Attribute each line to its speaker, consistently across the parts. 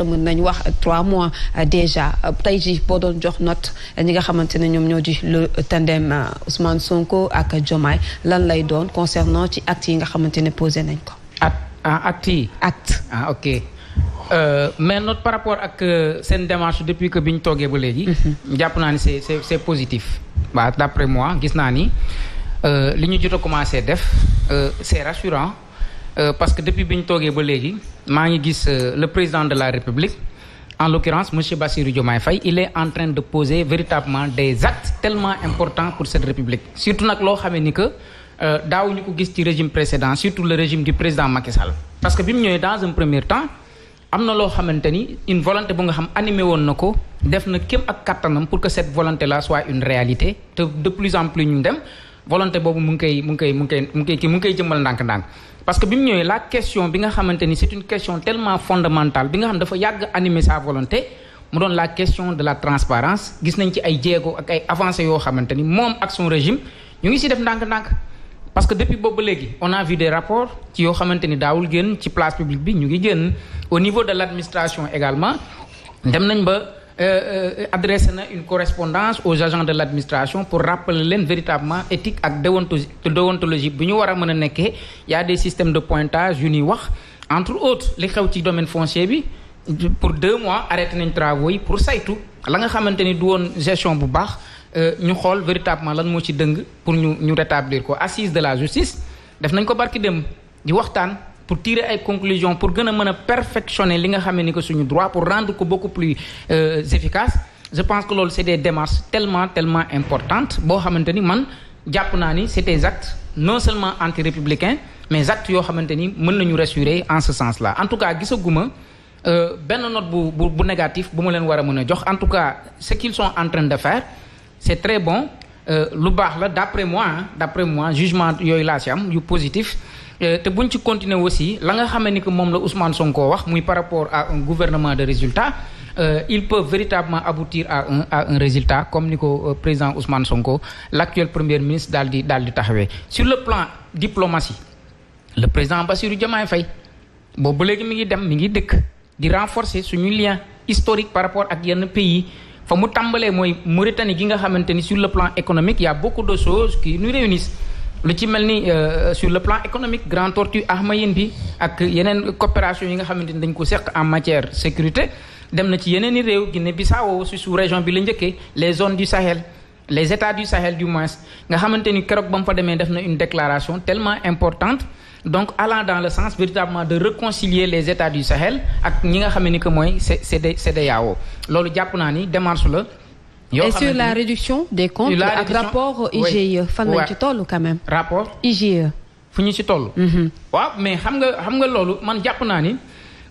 Speaker 1: être mën nañ wax trois mois euh, déjà euh, tey ji boo doon jox note euh, ñi nga xamante ne ñoom ñoo di le tandem Ousmane Sonko ak Diomaye lan lay doon concernant ci acte yi nga xamante ne posé nañ ko. acte ah, yi acte. ah ok euh, mais note par rapport ak seen démarche depuis que bi ñu toogee ba léegi. Mhm. jàpp naa ni c'est positif. waaw d'après mois gis naa ni li ñu jot a commencé def c'est rassurant. Euh, parce que depuis bi ñu toogee ba léegi maa ngi gis euh, le président de la république en l'occurrence monsieur Bassirou Diomaye Faye il est en train de poser véritablement des actes tellement importants pour cette république surtout nag loo xamee ni que euh, daawuñu ko gis ci régime précédent surtout le régime du président Macky Sall parce que bi mu ñëwee dans un premier temps am na loo xamante ni une volonté bu nga xam animé woon na ko def na kéem ak kattanam pour que cette volonté là soit une réalité te de plus volonté boobu mu ngi koy mu ngi koy mu ngi koy mu ngi koy jëmmal ndànk-ndànk parce que bi mu ñëwee la question bi nga xamante c'est une question tellement fondamentale bi nga xam dafa yàgg animer sa volonté ay jéego ak ay yoo xamante ni moom ak son régime ñu ngi si def ndànk-ndànk parce que depuis boobu léegi on a vu des rapports ci yoo xamante ni daawul génn ci place publique bi ñu ngi génn au niveau de l'administration également dem nañ ba Euh, euh, adressé na une correspondance aux agents de l' administration pour rappeler leen véritablement éthique ak déontologie bi ñu war a mën a nekkee y a des systèmes de pointage yu ñuy wax entre autres li xew ci domaine foncier bi pour deux mois arrêté nañ travaux yi pour saytu la nga xamante ni du woon gestion bu baax euh, ñu xool véritablement lan moo ci dëng pour ñu ñu rétablir ko assise de la justice def nañ ko barki dem di waxtaan pour tirer ay conclusions pour gën a mën a perfectionner li nga xam ne ni que suñu droit pour rendre ko beaucoup plus euh, efficace je pense que loolu c'est des démarches tellement tellement importantes boo xamante ni man jàpp naa ni c'est des actes non seulement anti-républicains mais actes yoo xamante ni mën nañu rassurer en ce sens-là en tout cas gisaguma euh, benn note bu bu bu négatif bu ma leen war a mën a jox en tout cas ce qu'ils sont en train de faire c'est très bon Euh, lu baax la d'après mois d'après mois jugement yooyu laa ci am yu positif euh, te buñ ci continuer aussi la nga xamee ni que moom la Ousmane Sonko wax muy par rapport à un gouvernement de résultat euh, il peut véritablement aboutir a un résultat comme ni ko président Ousmane Sonko l'actuel premier ministre daal di daal di taxawee sur le plan diplomatie le président Bassirou Diomaye Faye boobu ba léegi mi ngi dem mi ngi dëkk di renforcer suñu lien historique par rapport ak yenn pays fa mu tàmbalee mooy Mauritanie gi nga xamante ni sur le plan économique y a beaucoup de choses qui nous réunissent lu ci mel ni euh, sur le plan économique Grand Tortue Ahmeyim bi ak yeneen coopération yi nga xamante ni dañ ko seq en matière sécurité dem na ci yeneen i réew Guinée-Bissau si su région bi la njëkkee les zones du Sahel les états du Sahel du moins nga xamante ni keroog ba mu fa demee def na une déclaration tellement importante donc allant dans le sens véritablement de réconcilier les états du Sahel ak ñi nga xam ni que mooy CEDEAO loolu jàpp naa ni démarche la. yoo xam et sur la réduction des comptes ak rapport IGE fan lañ ci toll quand même. rapport IGE. fu ñu ci toll. Mhm. waaw mais xam nga xam nga loolu man jàpp naa ni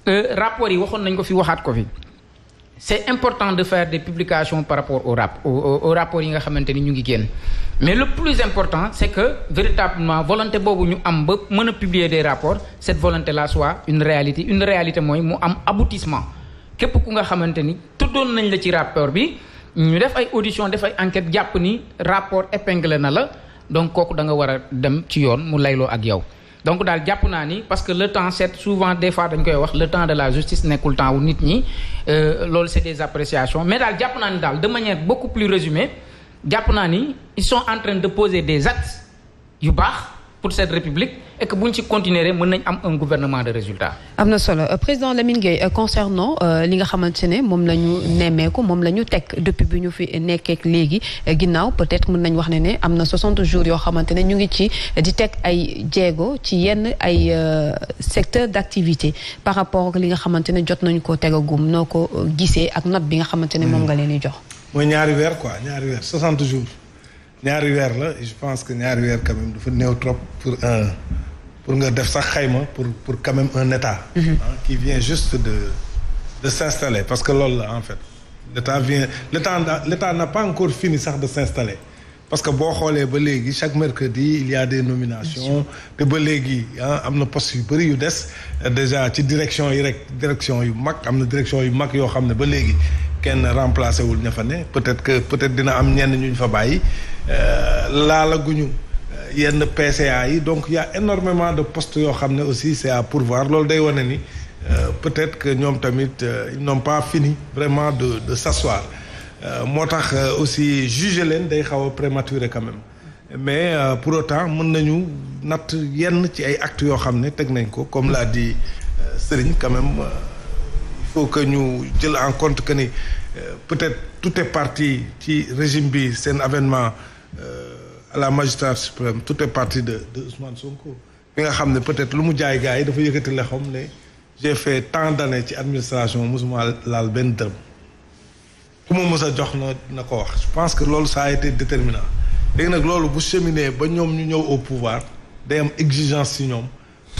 Speaker 1: euh, rapport yi waxoon nañ ko fi waxaat ko fi. c'est important de faire de publication par rapport au rap rapport yi nga xamante ni ñu ngi génn mais le plus important c'est que véritablement volonté boobu ñu am ba mën a publier des rapport cette volonté la soit une réalité une réalité mooy mu am aboutissement képp ku nga xamante ni tuddoon nañ la ci rapport bi ñu def ay audition def ay enquête jàpp ni rapport épingle na la donc kooku da nga war a dem ci yoon mu layloo ak yow donc daal jàpp naa ni parce que le temps c'est souvent des fois dañ koy wax le temps de la justice nekkul temps wu nit ñi euh, loolu c'est des appréciations mais daal jàpp naa ni daal de manière beaucoup plus résumée jàpp naa ni ils sont en train de poser des actes yu baax pour cette république et que bu ñu ci continuer mën nañ am un gouvernement de résultat. am na solo euh, président Lamine Gueye euh, euh, li nga xamante ne moom la nemmeeku moom la ñu teg depuis bi ñu fi nekkeek léegi ginnaaw peut-être mën nañ wax ne ne am na 60 jours yoo xamante ne ñu ngi ci di teg ay jéego ci yenn ay secteur d'activité par rapport ak li nga xamante ne jot nañu koo tegagum noo ko gisee ak note bi nga xamante ne moom hmm. nga leen di jox.
Speaker 2: mooy ñaari ñaari weer la je pense que ñaari weer quand dafa néew trop pour un euh, pour nga def sax xayma pour pour quand même un état mm -hmm. hein, qui vient juste de de s'installer parce que loolu la en fait l'état vient l'état l'état n'a pas encore fini sax de s'installer parce que boo xoolee ba léegi chaque mercredi il y a des nominations te ba léegi am na post yu bëri yu des déjà ci direction yi rek direction yu mag am na direction yu mag yoo xam ne ba léegi kenn remplacé wul ña fa ne peut-être que peut-être dina am ñenn ñu ñu fa bàyyi Euh, laalaguñu euh, yenn PCA yi donc yaa a énormément de poste yoo xam ne aussi c' est à pourvoir loolu day wane ni euh, peut-être que ñoom tamit ils n'ont pas fini vraiment de de s'asseoir moo tax aussi juger leen day xaw a prématuré quand même mais pour autant mën nañu natt yenn ci ay actes yoo xam ne teg nañ ko comme l'a di Serigne quand même il faut ñu jël en compte que ni peut-être tout est parti ci régime bi seen avénement Euh, à la magistrature suprême tout est parti de de Ousmane Sonko. bi nga xam ne peut-être lu mu jaay gars yi dafa yëkkati la xam ne j'ai fait tant d'années ci administration mosuma laal benn dërëm ku ma mës a jox na na ko wax je pense que loolu ça a été déterminant léegi nag loolu bu cheminer ba ñoom ñu ñëw au pouvoir day am exigence ci ñoom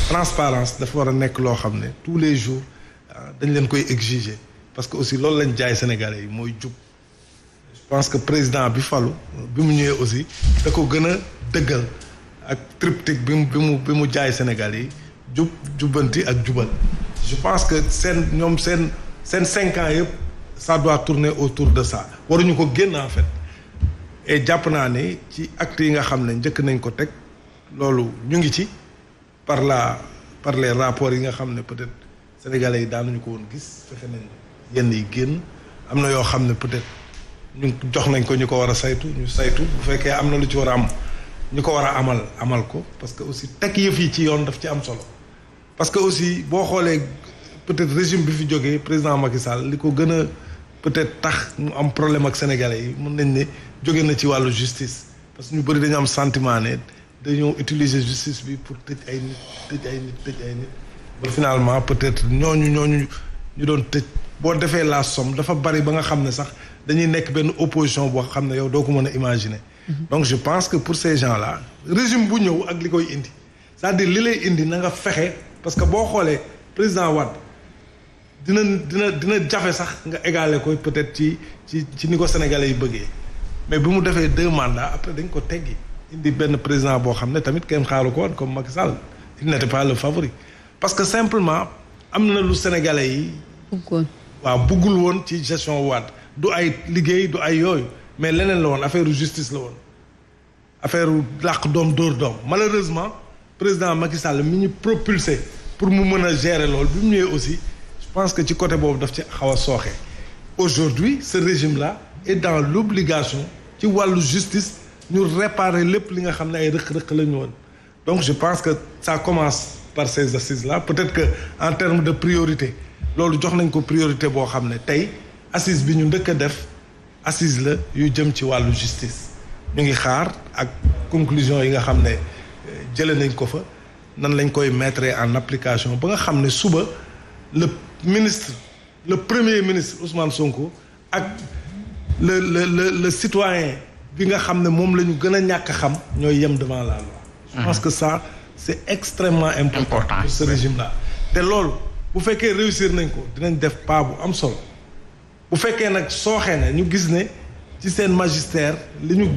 Speaker 2: transparence dafa war a nekk loo xam ne tous les jours ah, dañu leen koy exiger parce que aussi loolu lañ jaay Sénégalais yi mooy jub pense que président bi falu bi mu ñëwee aussi da ko gën a dëggal ak triptyque bi mu mu bi mu jaay Sénégal yi jub ak jubal je pense que seen ñoom seen seen cinq yëpp ça doit tourner autour de ça waruñu ko génn en fait et jàpp naa ne ci actes yi nga xam ne njëkk nañ ko teg loolu ñu ngi ci par la par les rapports yi nga xam ne peut-être sénégalais yi daanuñu ko woon gis fexe nañ yenn yi génn am na yoo xam ne peut-être ñu jox nañ ko ñu ko war a saytu ñu saytu bu fekkee am na lu ci war a am ñu ko war a amal amal ko parce que aussi teg yëf yi ci yoon daf ci am solo parce que aussi boo xoolee peut-être régime bi fi jógee président Macky Sall li ko gën a peut-être tax mu am problème ak sénégalais yi mën nañ ne jóge na ci wàllu justice parce que ñu bëri dañu am sentiment ne dañoo utiliser justice bi pour tëj ay nit tëj ay nit tëj ay nit ba finalement peut-être ñooñu ñooñu ñu doon tëj boo defee la somme dafa bari ba nga xam ne sax dañuy nekk benn opposition boo xam ne yow doo ko mën a imaginer. Mhm. donc je pense que pour ces gens là régime bu ñëw ak li koy indi cest dire li lay indi na nga fexe parce que boo xoolee président Wade dina dina dina jafe sax nga égale koy peut-être ci ci ci ni ko sénégalais yi bëggee mais bi mu defee deux mandats après dañ ko teggi indi benn président boo xam ne tamit kenn xaaru ko woon comme mag Sall il n'était pas le favori parce que simplement am na lu sénégalais yi. waaw buggul woon ci gestion waat du ay liggéey du ay yooyu mais leneen la woon affaire justice la woon affaire làq doom dóor doom malheureusement président Macky Sall mi ñu propulsé pour mu mën a gérer lool bi mu ñëwee aussi je pense que ci côté boobu daf ci xaw a sooxe aujourd'hui ce régime là est dans l'obligation ci wàllu justice ñu réparer lépp li nga xam ne ay rëq-rëq la ñu woon donc je pense que ça commence par ces assises là peut-être que en terme de priorité loolu jox nañ ko priorité boo xam ne tey assise bi ñu njëkk a def assise la yu jëm ci wàllu justice ñu ngi xaar ak conclusion yi nga xam ne euh, jële nañ ko fa nan lañ koy mettre en application ba nga xam ne suba le ministre le premier ministre Ousmane Sonko ak le le le le citoyen bi nga xam ne moom la ñu gën a ñàkk xam ñooy yem devant la loi. je mhm. que ça c'est extrêmement important. important pour ce régime là te loolu. bu fekkee réussir nañ ko dinañ def pas bu am solo bu fekkee nag sooxee na ñu gis ne ci seen magistère li ñu